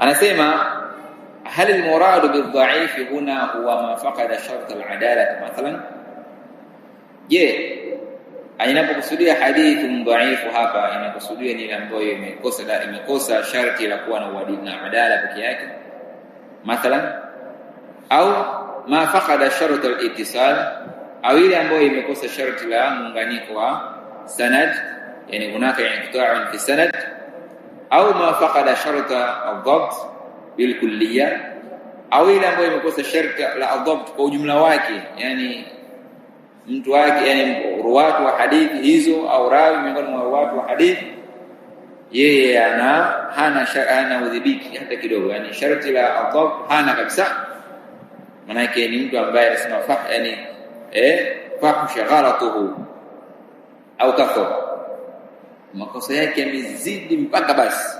anasema hal almuradu bildhaifi huna huwa man faqada shart aladalati mathalan je inapokusudia hadithi mdhaifu hapa inakusudia ni ile ambayo imekosa imekosa sharti la kuwa na uadili na adala pekee yake mathalan au ma faqada shart alitisal au ile ambayo imekosa sharti la muunganiko wa sanad yani hunaka inqita'un fi sanad au ma faqada sharta adhabt bil kulliya, au ile ambayo imekosa sharta la adhabt kwa ujumla wake, yani mtu wake, yani ruwatu wa hadithi hizo au rawi miongoni mwa ruwatu wa hadithi, yeye ana hana hana udhibiti hata kidogo, yani sharti la adhabt hana kabisa. Manake ni mtu ambaye anasema fa, yani eh fahusha ghalatuhu au kathura makosa yake yamezidi mpaka basi.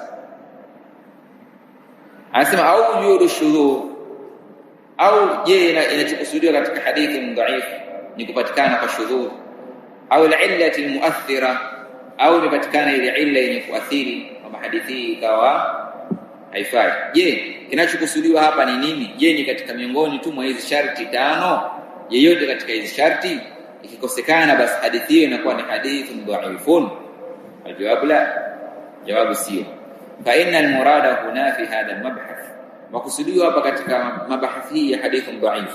Anasema au yuru shuru au je, inachokusudiwa katika hadithi dhaif ni kupatikana kwa shudhur au alillati muathira au inapatikana ile illa yenye kuathiri kwa hadithi hii ikawa haifai. Je, kinachokusudiwa hapa ni nini? Je, ni katika miongoni tu mwa hizi sharti tano? Yeyote katika hizi sharti ikikosekana, basi hadithi hiyo inakuwa ni hadithi dhaifun Jawabu la jawabu sio. Fa innal murada huna fi hadha almabhath, makusudiwa hapa katika mabahathi hii ya hadithi dhaif,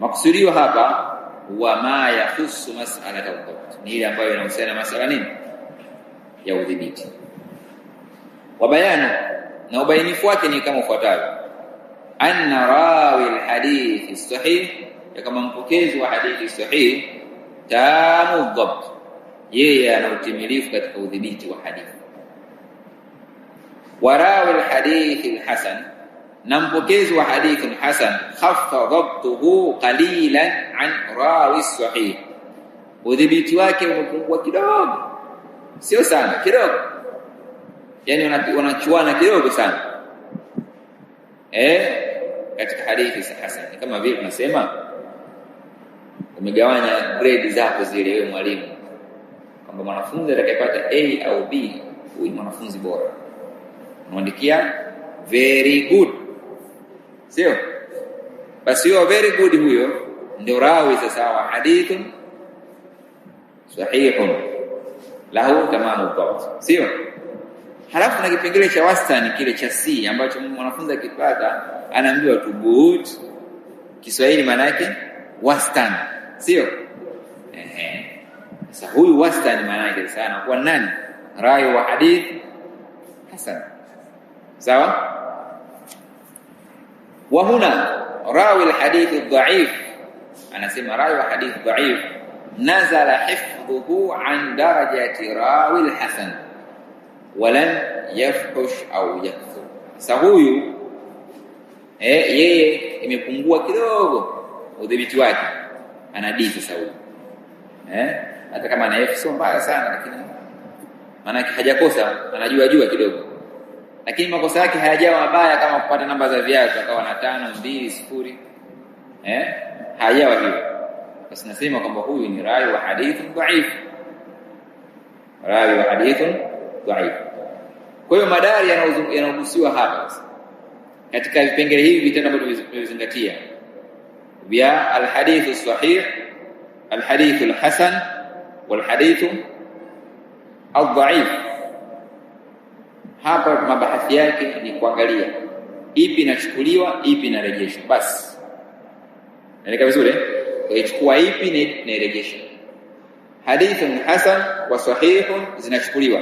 makusudiwa hapa wa ma yahusu mas'alata ad-dabt, ni ile ambayo inahusiana masala nini ya udhibiti wa bayana, na ubainifu wake ni kama ufuatavyo: anna rawi alhadithi sahih, kama mpokezi wa hadithi sahih tamu dhabt yeye ana utimilifu katika udhibiti wa hadithi. Warawi lhadithi lhasan, na mpokezi wa hadithi lhasan, khaffa dhabtuhu qalilan an rawi sahih, udhibiti wake umepungua kidogo, sio sana, kidogo, yani wanachuana kidogo sana eh, katika hadithi hasan. Kama vile tunasema umegawanya grade zako zile, wewe mwalimu kwamba mwanafunzi atakayepata A au B huyu mwanafunzi bora. Unaandikia very good, sio basi? Huyo very good huyo ndio rawi sasa wa hadithun sahihun lahu tamamu dhabt, sio? Halafu na kipengele cha wastani kile cha C ambacho mwanafunzi akipata anaambiwa tu good. Kiswahili maana yake wastani, sio? Ehe. Sasa huyu wastani maana yake sana kwa nani? Rai wa hadith hasan. Sawa? Wa huna rawi alhadith adhaif, anasema rawi wa hadith dhaif nazala hifdhuhu an darajati rawi alhasan walam yafhush au yakthur. Sasa huyu eh, yeye imepungua kidogo udhibiti wake, anadii sasa huyu eh hata kama na sio mbaya sana, lakini maanake hajakosa, anajua jua kidogo, lakini makosa yake hayajawa mabaya kama kupata namba za viatu akawa na tano mbili sifuri eh, hayajawa hiyo Basi nasema kwamba huyu ni rai wa hadithun dhaif, rai wa hadithun dhaif. Kwa hiyo madari yanahusiwa hapa katika vipengele hivi vitatu ambavyo tumevizingatia vya alhadithu sahih, alhadithu alhasan walhadithu aldhaif. Hapa mabahathi yake ni kuangalia ipi inachukuliwa, ipi inarejeshwa. Basi naeleka vizuri, eh? ichukua ipi na irejesha. Hadithun hasan wa sahihun zinachukuliwa,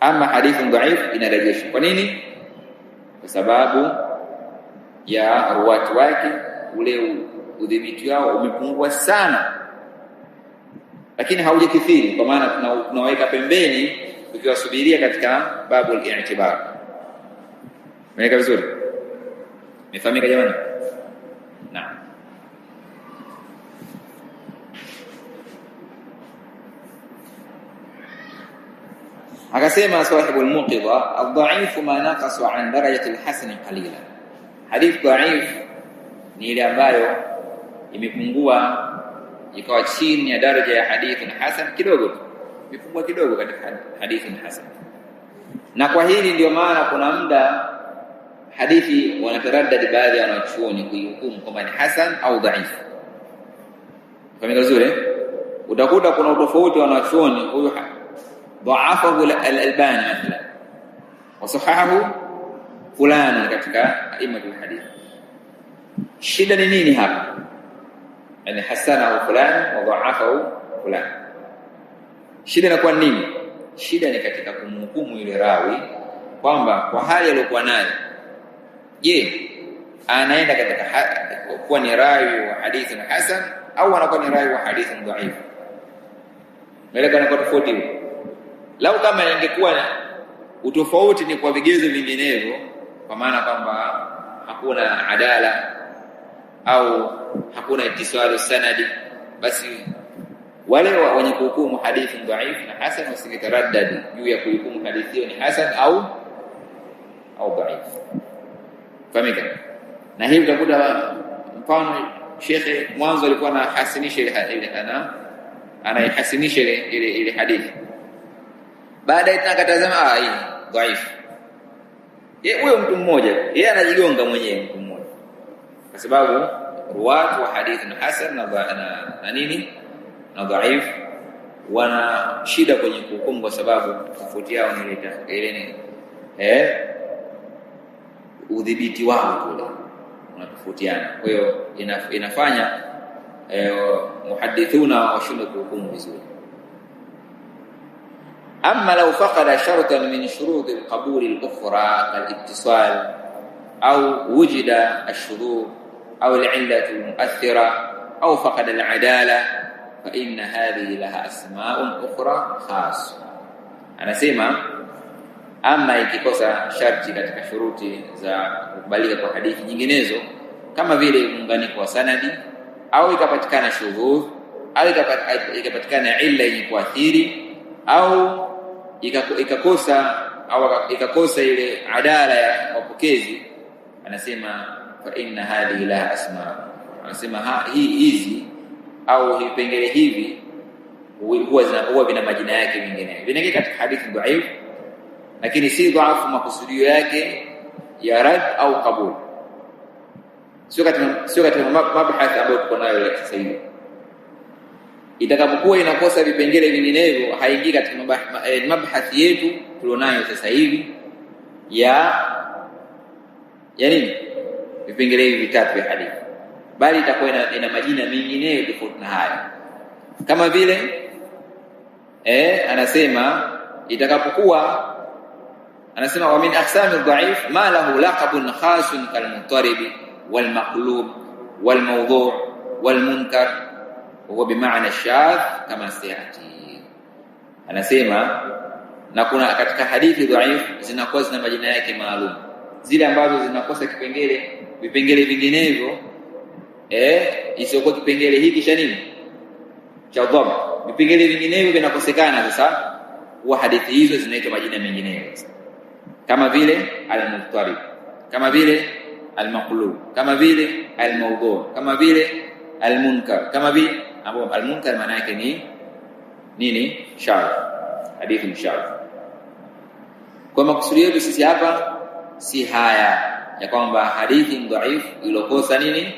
ama hadithun dhaif inarejeshwa. Kwa nini? Kwa sababu ya ruwati wake, ule udhibiti wao umepungua sana lakini haujakithiri kwa maana tunaweka pembeni tukiwasubiria katika al i'tibar. Mweka vizuri? Imefahamika jamani? Akasema sahibu al-Muqidha, al dhaifu ma naqasa an darajati al-hasan qalilan. Hadith dha'if ni ile ambayo imepungua ikawa chini ya daraja ya hadithun hasan kidogo tu, kidogo katika hadithun hasan. Na kwa hili ndio maana kuna muda hadithi wanataraddadi baadhi ya wanachuoni kuihukumu kwamba ni hasan au dhaifu. kama vizuri, eh? utakuta kuna utofauti wa wanachuoni, huyu dhaafahu al-Albani mathalan wasahahahu fulani katika aimmatul hadithi Shida ni nini hapa? yani hasanahu fulani wa dha'afahu fulani. Shida inakuwa nini? Shida ni katika kumhukumu yule rawi kwamba kwa hali aliyokuwa nayo, je, anaenda katika kuwa ni rawi wa hadithi na hasan au anakuwa ni rawi wa hadithi dhaifu? Melekana kwa tofauti hiyo. Lau kama ingekuwa utofauti ni kwa vigezo vinginevyo, kwa maana kwamba hakuna adala au hakuna itisalu sanadi basi wale wenye kuhukumu hadithi dhaif na hasan wasingetaraddad juu ya kuhukumu hadithi ni hasan au au dhaif famika na hivi utakuta mfano shekhe mwanzo alikuwa anahasinisha ile hadithi ana anaihasinisha ile ile, ile hadithi baadaye tena akatazama ah hii dhaif yeye huyo mtu mmoja yeye anajigonga mwenyewe mtu mmoja kwa sababu ruwat wa hadithi na hasan na, na, na nini na dhaif wana shida kwenye hukumu kwa sababu tofauti yao ni ile ni eh, udhibiti wao kule unatofautiana. Kwa hiyo inafanya eh, muhadithuna washindwe kuhukumu vizuri. Amma law faqada shartan min shurut alqabul alukhra kalittisal au wujida ashurut أو العلة المؤثرة أو فقد العدالة فإن hadhihi laha asmaun ukhra khas. Anasema ama ikikosa sharti katika shuruti za kukubalika kwa hadithi nyinginezo kama vile muunganiko wa sanadi au ikapatikana shudhudh au ikapatikana illa yenye kuathiri au ikakosa au ikakosa ile adala ya wapokezi, anasema fa inna hadhihi la asma, anasema hii hizi au vipengele hivi huwa vina majina yake mengineyo, vinaingia katika hadithi dhaif lakini si dhaifu makusudio yake ya rad au kabul, sio katika sio katika mabhathi ambayo tuko nayo leo. Sasa hivi itakapokuwa inakosa vipengele vinginevyo, haingii katika eh, mabhathi yetu tulionayo sasa hivi ya ya nini vipengele hivi vitatu vya hadithi, bali itakuwa ina, ina majina mengineyo tofauti na hayo, kama vile eh, anasema itakapokuwa anasema wa min ahsani dhaif ma lahu laqabun khasun kalmutarib walmaqlub walmawdhu' walmunkar wa huwa bimaana shadh kama sayati. Anasema na kuna katika hadithi dhaif zinakuwa zina majina yake maalum, zile ambazo zinakosa kipengele vipengele vinginevyo eh, isiyokuwa kipengele hiki cha nini cha dhamma, vipengele vinginevyo vinakosekana. Sasa wa hadithi hizo zinaitwa majina mengineyo, kama vile al-muttarib, kama vile al-maqlub, kama vile al-mawdu', kama vile al-munkar, kama vile ambao al-munkar maana yake ni nini? shar hadithi mshadh. Kwa makusudi yetu sisi hapa si haya ya kwamba hadithi dhaifu iliyokosa nini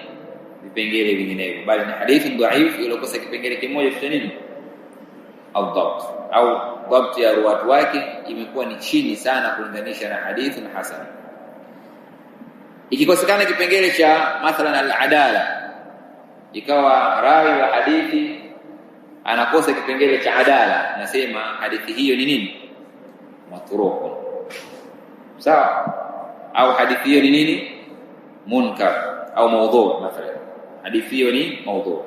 vipengele vinginevyo, bali ni hadithi dhaifu iliyokosa kipengele kimoja cha nini adhabt au dhabt ya ruwat wake imekuwa ni chini sana kulinganisha na hadithi na hasan Ikikosekana kipengele cha mathalan al-adala, ikawa rawi wa hadithi anakosa kipengele cha adala, nasema hadithi hiyo ni nini? Matruku. Sawa au hadithi hiyo ni nini munkar au maudhu mathalan hadithi hiyo ni maudhu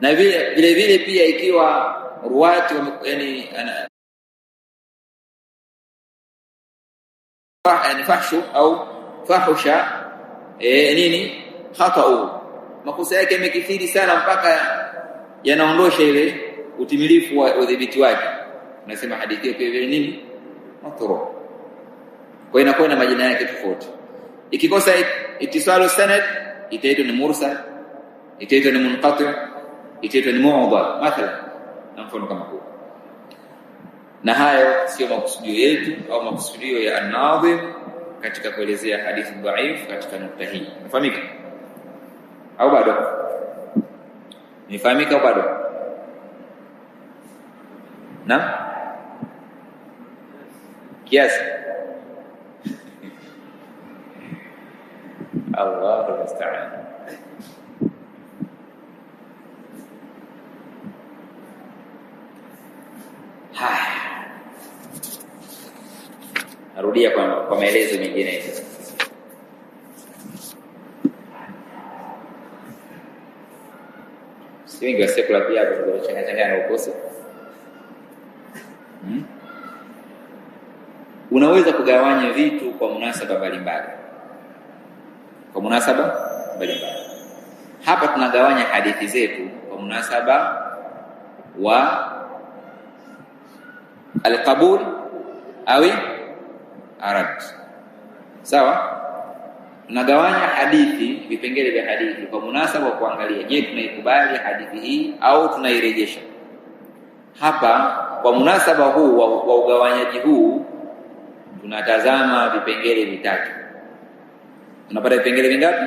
na vile vile vile pia ikiwa ruwati yani yani fahshu au fahusha eh nini khata'u makosa yake yamekithiri sana mpaka yanaondosha ile utimilifu wa udhibiti wake unasema hadithi hiyo pia vile nini maturu kwa inakuwa na majina yake tofauti. Ikikosa itisalu sanad itaitwa ni mursal, itaitwa ni munqati, itaitwa ni mu'dha mathalan, na mfano kama huo. Na hayo sio makusudio yetu au makusudio ya an-Nadhim katika kuelezea hadithi dhaif katika nukta hii. unafahamika au bado? Nifahamika au bado? na kiasi Allahu musta'an. Ha. narudia kwa, kwa maelezo mengine si wingi wa sekula pia kwa changachanganya na ukosi hmm? Unaweza kugawanya vitu kwa munasaba mbalimbali munasaba mbalimbali. Hapa tunagawanya hadithi zetu kwa munasaba wa alqabul awi arad. Sawa, tunagawanya hadithi, vipengele vya hadithi kwa munasaba wa kuangalia, je, tunaikubali hadithi hii au tunairejesha? Hapa kwa munasaba huu wa ugawanyaji huu tunatazama vipengele vitatu unapata vipengele vingapi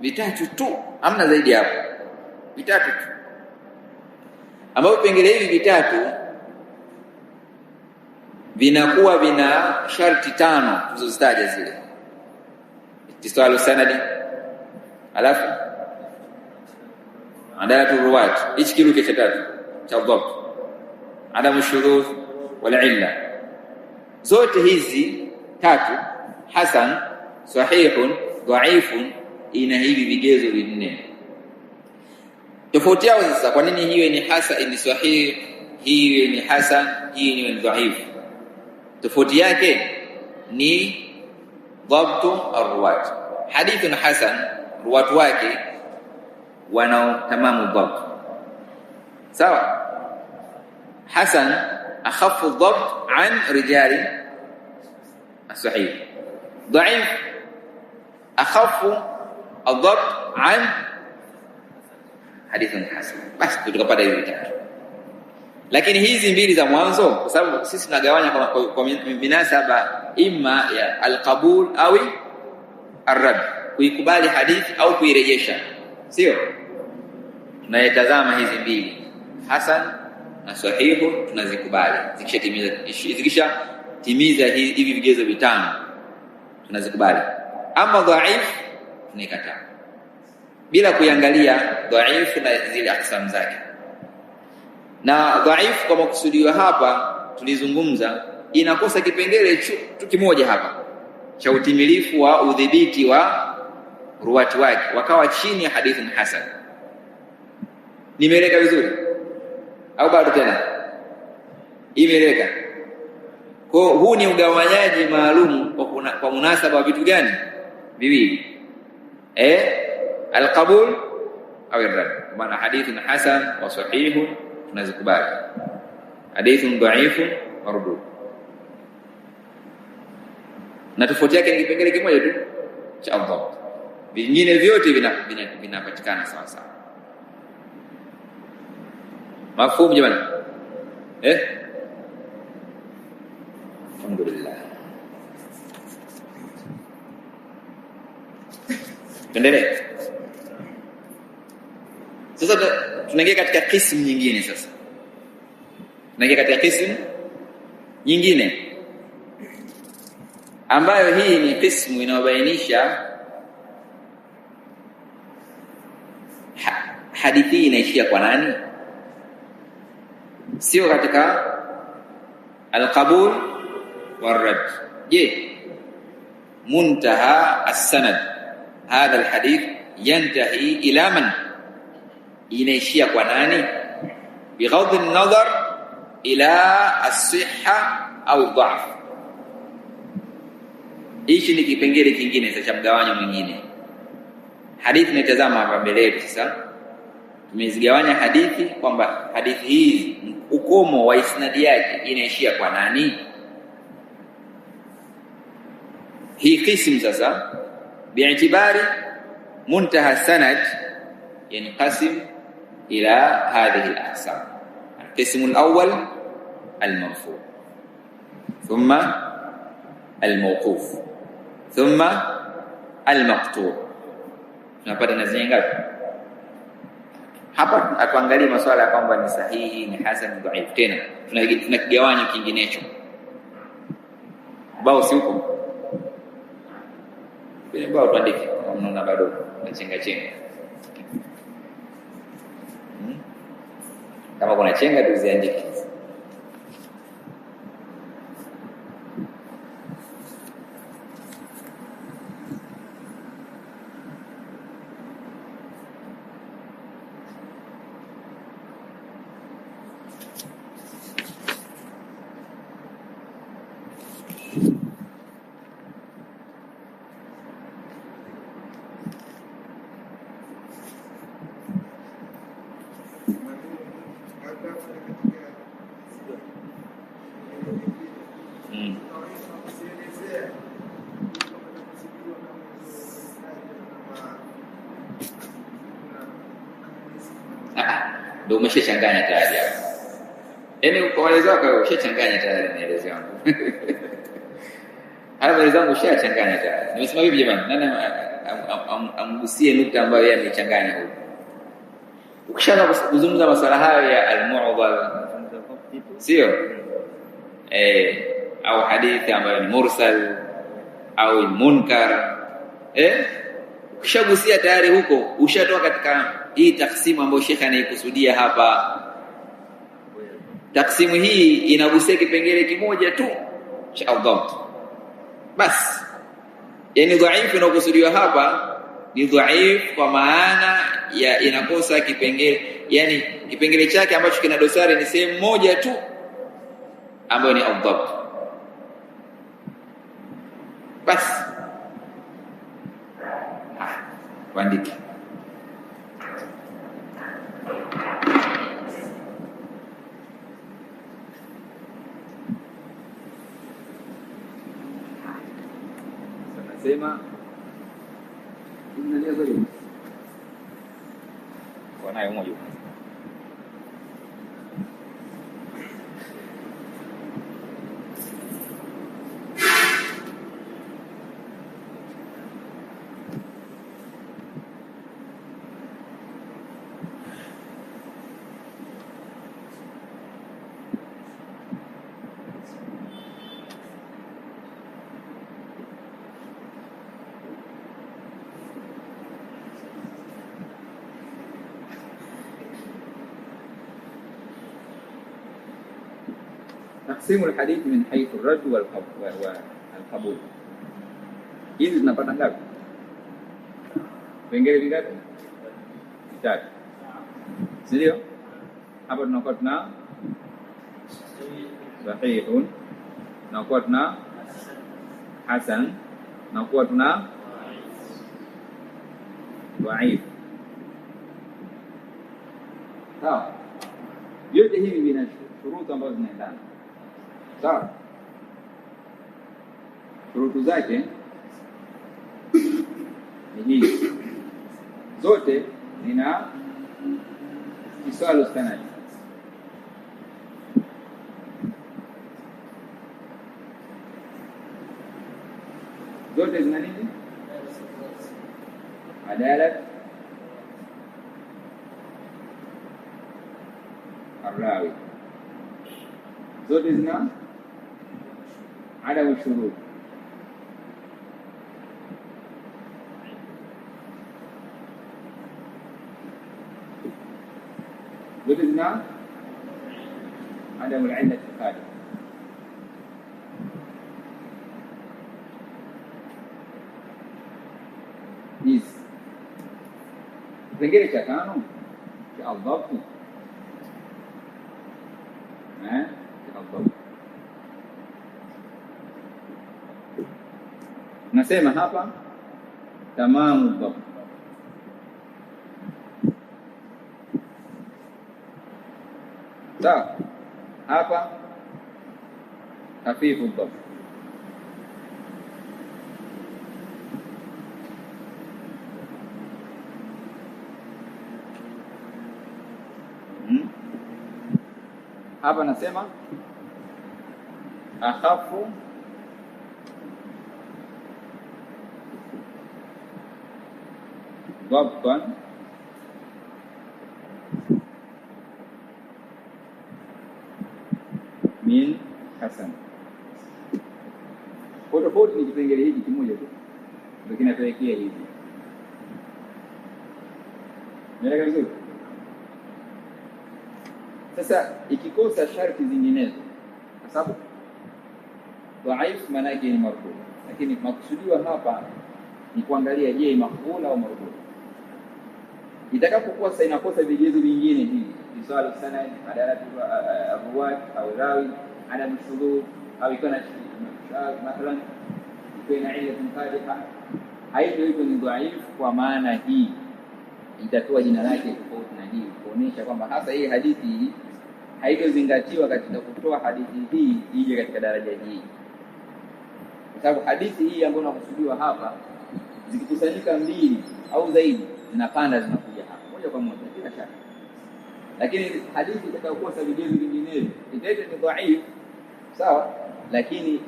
vitatu tu hamna zaidi hapo vitatu tu ambavyo vipengele hivi vitatu vinakuwa vina sharti tano tulizozitaja zile istisalu sanadi alafu adalatu ruwat hichi kiruke cha tatu cha dhabt adamu shurut wal illa zote hizi tatu hasan sahihun, dhaifun, ina hivi vigezo vinne. Tofauti yao sasa, kwa nini hiyo ni hasa ni sahih, hiwe ni hasan, hii ni dhaifu? Tofauti yake ni dhabtu arwat Hadithun hasan, ruwat wake tamamu dhabt. Sawa, hasan akhaffu dhabt an rijali sahih, dhaif akhafu adab an hadithun hasan. Basi tukapata hizo tatu, lakini hizi mbili za mwanzo, kwa sababu sisi tunagawanya kwa, kwa, kwa minasaba imma ya alqabul au arrad, kuikubali hadithi au kuirejesha, sio tunayetazama hizi mbili hasan na sahihu tunazikubali, zikishatimiza zikishatimiza hivi vigezo vitano tunazikubali. Ama dhaifu tunaikataa bila kuiangalia dhaifu na zile aksamu zake. Na dhaifu kwa makusudiwa hapa tulizungumza, inakosa kipengele tu kimoja hapa cha utimilifu wa udhibiti wa ruwati wake, wakawa chini ya hadithun hasan. Nimeleka vizuri au bado? Tena imeleka. Kwa huu ni ugawanyaji maalum kwa munasaba wa vitu gani? viwili eh alqabul au rad maana hadithun hasan wa sahihu tunazikubali hadithun dhaifu mardud na tofauti yake ni kipengele kimoja tu cha adhabu vingine vyote vinapatikana vina, vina sawa sawa mafhumu jamani eh alhamdulillah Tuendelee. Sasa tunaingia katika kisimu nyingine sasa. Tunaingia katika kisimu nyingine ambayo hii ni kisimu inayobainisha ha, hadithi inaishia kwa nani? Sio katika alqabul warad. Je, muntaha assanad hadha alhadith yantahi ila man, inaishia kwa nani? Bighadhi an nazar ila as-sihha au dha'f. Hichi ni kipengele kingine cha mgawanyo mwingine. Hadithi nitazama hapa mbele yetu sasa, tumezigawanya hadithi kwamba hadithi hii ukomo wa isnadi yake inaishia kwa nani? Hii kisimu sasa bi'tibari muntaha sanad ينقسم ila hadhihi al القسم al-qism al-awwal al-marfu' thumma al-mawquf thumma al-maqtu' tunapata na zenye ngapi hapa? Atuangalie masuala ya kwamba ni sahihi ni hasan ni dhaif, tena tunakigawanya kinginecho bao si huko Kile bora tuandike kama mnaona bado nachenga chenga. Kama kuna chenga tuziandike. ndio umeshachanganya tayari hapo. Yaani kwa maelezo yako umeshachanganya tayari maelezo yangu. Haya maelezo yangu ushachanganya tayari. Nimesema vipi jamani? Nani amgusie nukta ambayo yeye amechanganya huko. Ukishaanza kuzungumza masuala hayo ya al-mu'dhal sio? Eh, au hadithi ambayo ni mursal au munkar. Eh? Ukishagusia tayari huko ushatoka katika hii taksimu ambayo shekhe anaikusudia hapa, taksimu hii inagusia kipengele kimoja tu cha adhabt basi. Yani dhaifu inayokusudiwa hapa ni dhaifu kwa maana ya inakosa kipengele, yani kipengele chake ambacho kina dosari ni sehemu moja tu ambayo ni adhabt basi. Kuandike Sema kumi wanayo moja taksimu alhadithi min haithu raddu wal qabul. Hizi zinapata ngapi? Vipengele vingapi? Vitatu, si Hapa tunakuwa tuna sahihun, tunakuwa tuna hasan, tunakuwa tuna dhaif. Sawa, vyote hivi vina shuruti ambazo zinaendana sawa rutu zake ni hizi zote zina isalu sanadi zote zina nini adalat arawi zote zina علو الشهود جلدنا عدم العلة الخالقة إذ ذكرك كانوا في الضبط Nasema hapa tamamu dhabt, sawa. Hapa hafifu dhabt. Hmm? Hapa nasema akhafu ضبطا min حسن Kwa tofauti ni kipengele hiki kimoja tu ndio kinapelekea hivi. Umeeleka Sasa ikikosa sharti zinginezo, kwa sababu dhaifu maana yake ni marfu, lakini makusudiwa hapa ni kuangalia, je, maqbul au marfu Itakapokuwa sasa inakosa vigezo vingine hivi biswali sanad badala uh, uh, abuwat au rawi ada mshudhur au ikiwa na mathalan ikiwa na illatun qadiha, haivyo hivyo ni dhaifu. Kwa maana hii itatoa jina lake tofauti na hii, kuonesha kwamba hasa hii hadithi hii haitozingatiwa katika kutoa hadithi hii ije katika daraja hii, kwa sababu hadithi hii ambayo inakusudiwa hapa zikikusanyika mbili au zaidi zinapanda zina moja kwa moja bila shaka, lakini hadithi itakayokosa vigezo vinginevyo itaitwa ni dhaif, sawa, lakini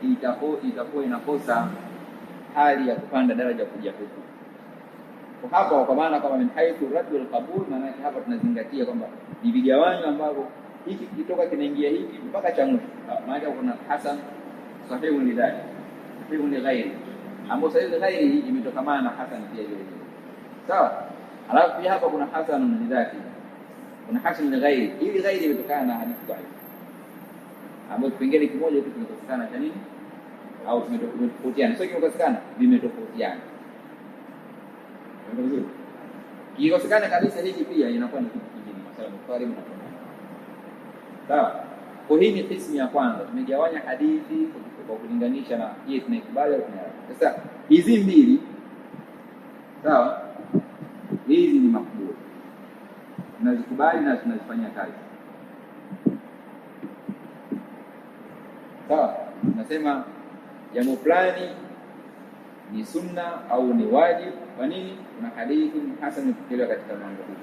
itakuwa inakosa hali ya kupanda daraja kuja huku hapa, kwa maana kama min haithu raddu alqabul, maana hapa tunazingatia kwamba ni vigawanyo ambavyo hiki kitoka kinaingia hiki mpaka cha mwisho. Ah, maana kuna hasan sahihu ni dhali sahihu ni ghairi, ambapo sahihu ghairi imetokana na hasan pia hiyo vile, sawa Alafu pia hapa kuna hasanun lidhati, kuna hasan ni ghairi. Hili ghairi imetokana na hadithi dhaifu, Ambapo kipengele kimoja tu kimetofautiana cha nini au kimetofautiana, sio kimekosekana, vimetofautiana. Kikosekana kabisa hiki pia inakuwa ni kitu kingine, mfano Bukhari na Sawa. Kwa hii ni kismu ya kwanza, tumegawanya hadithi kwa kulinganisha na hii tunaikubali au tunaikubali. Sasa hizi mbili sawa So, tunazikubali na tunazifanyia kazi. Sawa, tunasema jambo fulani ni sunna au ni wajib Kwa nini? Kuna hadithi hasa imepokelewa katika mambo hii.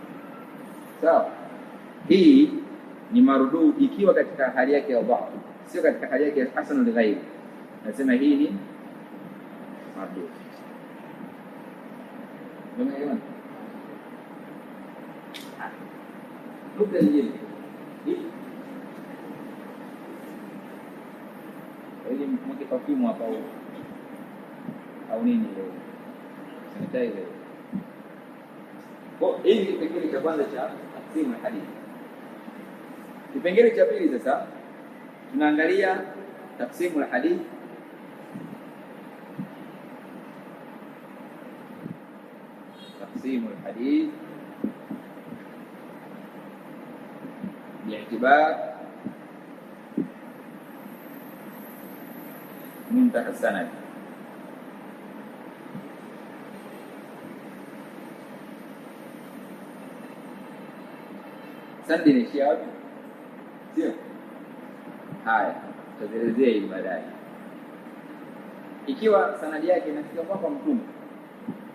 Sawa, hii ni marduu ikiwa katika hali yake ya dhaifu, sio katika hali yake ya hasanu lighairi. Nasema hii ni maruduu. Look at elimu. Elimu mweke pakimu hapa au nini leo? Sanitize. Kwa hiyo hii kipengele cha kwanza cha takrimu hadithi. Kipengele cha pili sasa tunaangalia taksimu la hadithi taksimu la hadithi الاعتبار منتهى السند sandi inaishia wapi? Sio haya, tutaelezea hii baadaye. Ikiwa sanadi yake inafika mpaka mtume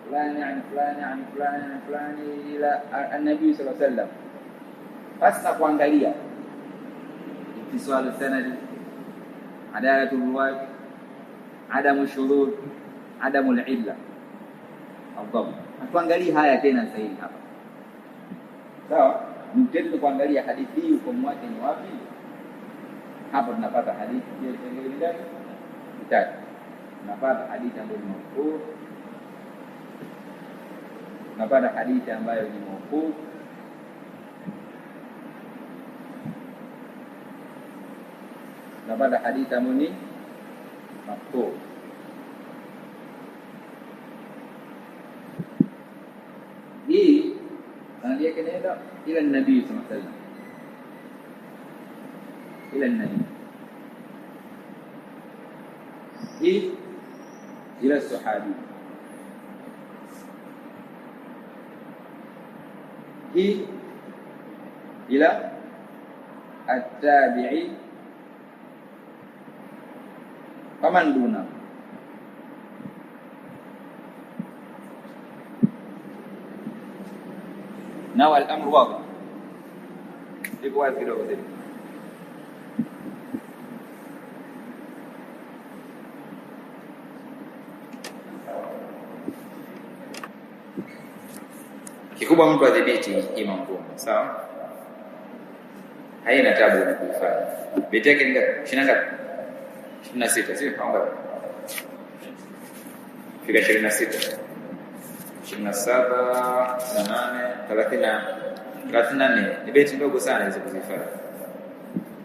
fulani ani fulani ani fulani ani fulani ila annabii sallallahu alaihi wasallam basi na kuangalia ittisalu sanadi, adalatu riwaya, adamu shurud, adamu lilla adhabu. Hatuangalii haya tena sasa hivi hapa, sawa. Mtendo kuangalia hadithi hii uko wake ni wapi? Hapa tunapata hadithi ya vipengele Tunapata hadithi ambayo ni mawquf, tunapata hadithi ambayo ni mawquf daripada hadis kamu ni makruh E Kalau dia kena elok Ila Nabi SAW Ila Nabi E Ila Sahabi E Ila At-Tabi'i kama nduna. Nawa al-amru wazi, liko wazi kidogo zaidi. Kikubwa mtu adhibiti ima ngumu, sawa, haina tabu na kuifanya. Beti yake ishirini na 26 sio kwamba fika ni beti ndogo sana hizo kuzifanya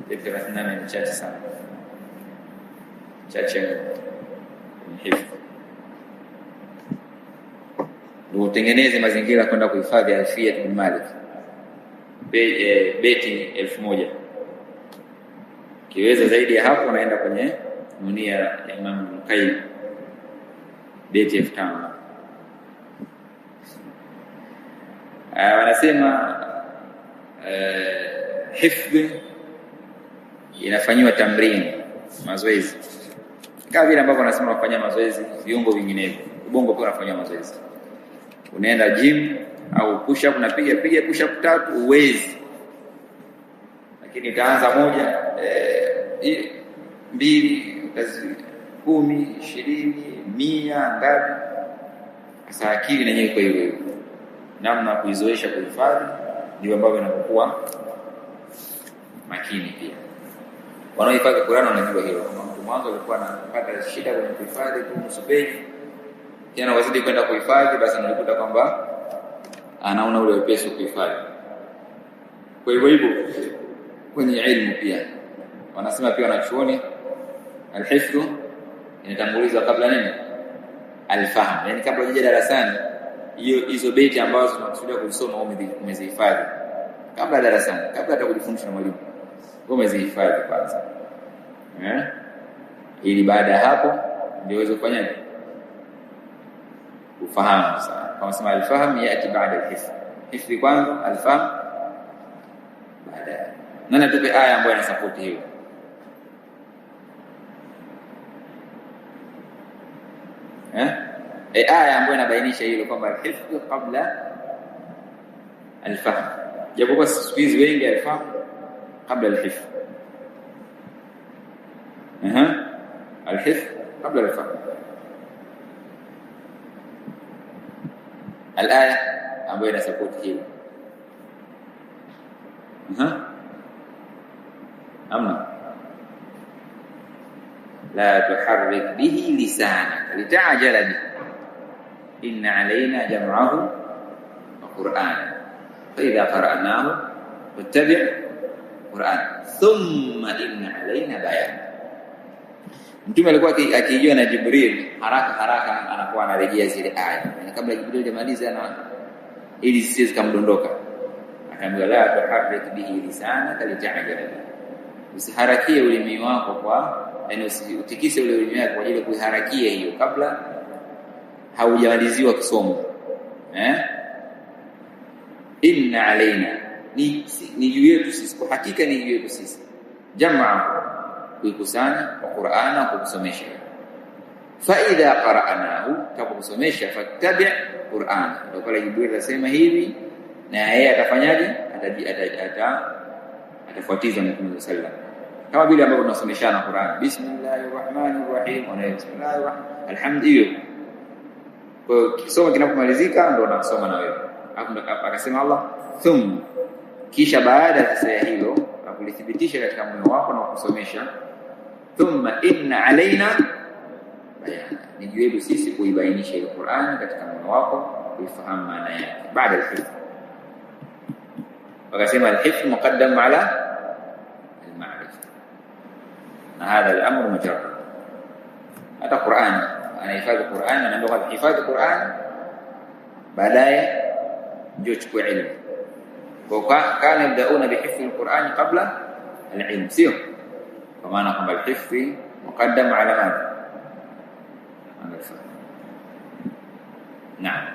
beti ni chache sana chache hivyo utengeneze mazingira kwenda kuhifadhi alfia bin Malik eh, beti elfu moja kiweza zaidi ya hapo, unaenda kwenye munia ya Imam Ibn beti elfu tano. Ah, wanasema uh, hifdhi inafanyiwa tamrini, mazoezi kama vile ambavyo wanasema wafanya mazoezi viungo vinginevyo, ubongo pia unafanyia mazoezi. Unaenda gym au push up, unapiga piga push up tatu, uwezi lakini utaanza moja eh, E, mbili kazi kumi ishirini mia ngapi? Sasa akili nenyewe iko hivyo hivyo, namna ya kuizoesha kuhifadhi, ndivyo ambavyo inakuwa makini. Pia wanaohifadhi Qur'an wanajua hilo. Kama mtu mwanzo alikuwa anapata shida kwenye kuhifadhi kuhusu peji, tena wazidi kwenda kuhifadhi, basi anakuta kwamba anaona ule wepesi kuhifadhi. Kwa hivyo hivyo kwenye elimu pia wanasema pia wanachuoni, alhifdh inatangulizwa kabla nini? alfahm yani kabla hujaja darasani, hiyo hizo beti ambazo tunakusudia kusoma au umezihifadhi kabla darasani, kabla hata kujifunza na mwalimu, wewe umezihifadhi kwanza eh, ili baada ya hapo ndio uweze kufanya ufahamu. sana kama sema alfahm yati baada alhifdh, hifdh kwanza, alfahm baada Nani atupe aya ambayo ina support hiyo? e, aya ambayo inabainisha hilo kwamba alhifdhu qabla alfahm, japokuwa siku hizi wengi alfahm qabla alhifdh. Aha, alhifdh qabla alfahm. Alaya ambayo inasapoti hilo. Aha, amna la tuharrik bihi lisanaka litajala bihi inna alaina jam'ahu wa qur'an fa idha qara'nahu wattabi' qur'an thumma inna alaina bayan Mtume alikuwa akijua na Jibril haraka haraka anakuwa anarejea zile aya. Na kabla Jibril hajamaliza na ili zisiwe zikamdondoka. Akaambiwa la tuharrik bihi lisana litajala. Usiharakie ulimi wako kwa yaani usitikise ule ulimi wako kwa ajili ya kuiharakia hiyo kabla haujamaliziwa kisomo eh? inna alaina ni, si, ni juu yetu sisi, kwa hakika ni juu yetu sisi jamaa kuikusanya kwa Qur'ana kwa kusomesha. Fa idha qara'nahu, tutakusomesha fattabi' Qur'an Ndio pale Jibril anasema hivi, na yeye atafanyaje? atadi atata atafuatiza Mtume sallallahu kama vile ambavyo tunasomeshana Qur'an, bismillahir rahmanir rahim, wa illa allah alhamdulillah kwa hiyo kisoma kinapomalizika ndo unasoma na wewe. Akasema Allah thum, kisha baada ya sasa ya hilo na kulithibitisha katika moyo wako na kukusomesha, thumma inna alaina ni juu yetu sisi kuibainisha ile Qur'an katika moyo wako, kuifahamu maana yake baada ya hilo. Wakasema alhifdh muqaddam ala alma'rifa, na hadha al-amru hata Qur'ani anahifadhi Qur'an, anaambiwa kwanza hifadhi Qur'an, baadaye ndio chukua ilmu. Kwa kana yabdauna bihifdhi lqurani qabla alilm, sio kwa maana kwamba alhifdhi muqaddam ala madha. Naam.